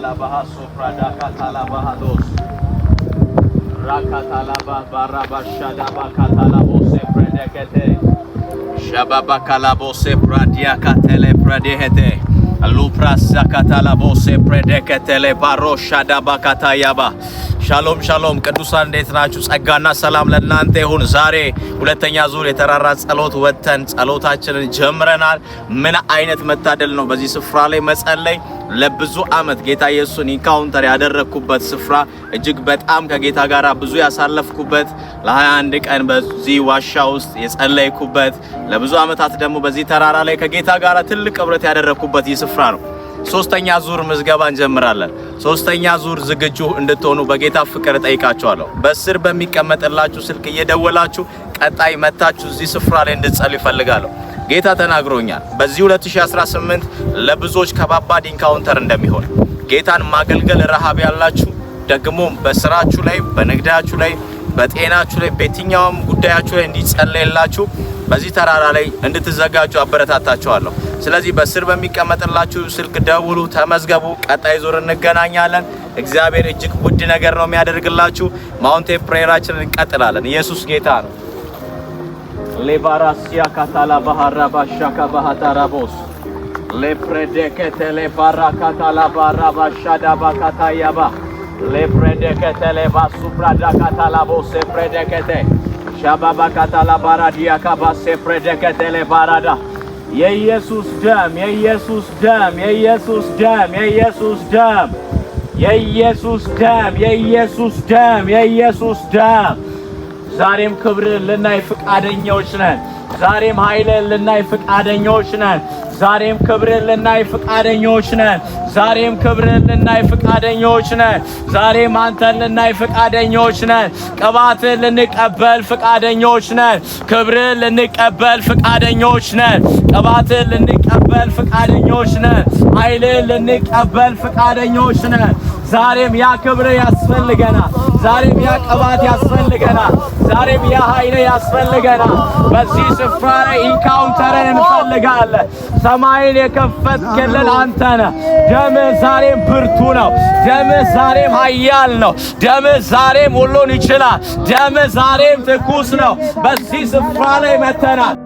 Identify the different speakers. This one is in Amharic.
Speaker 1: katalabaha soprada katalabaha dos. Rakatalaba baraba shadaba katalabo sepredekete. Shababa kalabo sepradia katele pradehete. Lupra sakatalabo sepredeketele baro shadaba katayaba. ሻሎም ሻሎም ቅዱሳን እንዴት ናችሁ? ጸጋና ሰላም ለእናንተ ይሁን። ዛሬ ሁለተኛ ዙር የተራራ ጸሎት ወጥተን ጸሎታችንን ጀምረናል። ምን አይነት መታደል ነው በዚህ ስፍራ ላይ መጸለይ። ለብዙ አመት ጌታ ኢየሱስን ኢንካውንተር ያደረግኩበት ስፍራ እጅግ በጣም ከጌታ ጋር ብዙ ያሳለፍኩበት ለ21 ቀን በዚህ ዋሻ ውስጥ የጸለይኩበት ለብዙ ዓመታት ደግሞ በዚህ ተራራ ላይ ከጌታ ጋር ትልቅ ህብረት ያደረግኩበት ይህ ስፍራ ነው። ሶስተኛ ዙር ምዝገባ እንጀምራለን። ሶስተኛ ዙር ዝግጁ እንድትሆኑ በጌታ ፍቅር እጠይቃችኋለሁ። በስር በሚቀመጥላችሁ ስልክ እየደወላችሁ ቀጣይ መታችሁ እዚህ ስፍራ ላይ እንድትጸሉ ይፈልጋለሁ። ጌታ ተናግሮኛል። በዚህ 2018 ለብዙዎች ከባባድ ኢንካውንተር እንደሚሆን ጌታን ማገልገል ረሃብ ያላችሁ ደግሞ በስራችሁ ላይ በንግዳችሁ ላይ በጤናችሁ ላይ በየትኛውም ጉዳያችሁ ላይ እንዲጸለይላችሁ በዚህ ተራራ ላይ እንድትዘጋጁ አበረታታችኋለሁ። ስለዚህ በስር በሚቀመጥላችሁ ስልክ ደውሉ፣ ተመዝገቡ። ቀጣይ ዙር እንገናኛለን። እግዚአብሔር እጅግ ውድ ነገር ነው የሚያደርግላችሁ። ማውንቴ ፕሬራችንን እንቀጥላለን። ኢየሱስ ጌታ ነው። ሌባራሲያ ካታላ ባህራ ባሻካ ባህታራቦስ ሌፕሬዴከቴሌ ባራ ካታላ ባራ ባሻዳ ባሻዳባ ካታያባ ሱፕራዳ ካታላ ካታላቦሴ ፕሬዴከቴ ሻባባ ካታላ ባራዲያካ ባሴ ፕሬዴከቴሌ ባራዳ የኢየሱስ ደም የኢየሱስ ደም የኢየሱስ ደም የኢየሱስ ደም የኢየሱስ ደም የኢየሱስ ደም የኢየሱስ ደም ዛሬም ክብርን ልናይ ፍቃደኛዎች ነን። ዛሬም ኃይልን ልናይ ፍቃደኞች ነን። ዛሬም ክብርን ልናይ ፍቃደኞች ነን። ዛሬም ክብርን ልናይ ፍቃደኞች ነን። ዛሬም አንተን ልናይ ፍቃደኞች ነን። ቅባትን ልንቀበል ፍቃደኞች ነን። ክብርን ልንቀበል ፍቃደኞች ነን። ቅባትን ልንቀበል ፍቃደኞች ነን። ኃይልን ልንቀበል ፍቃደኞች ነን። ዛሬም ያ ክብር ያስፈልገናል። ዛሬም ያ ቅባት ያስፈልገናል። ዛሬም ያ ኃይል ያስፈልገናል። በዚህ ስፍራ ላይ ኢንካውንተርን እንፈልጋለን። ሰማይን የከፈትክልን አንተ ነህ። ደምህ ዛሬም ብርቱ ነው። ደምህ ዛሬም ኃያል ነው። ደምህ ዛሬም ሁሉን ይችላል። ደምህ ዛሬም ትኩስ ነው። በዚህ ስፍራ ላይ መተናል።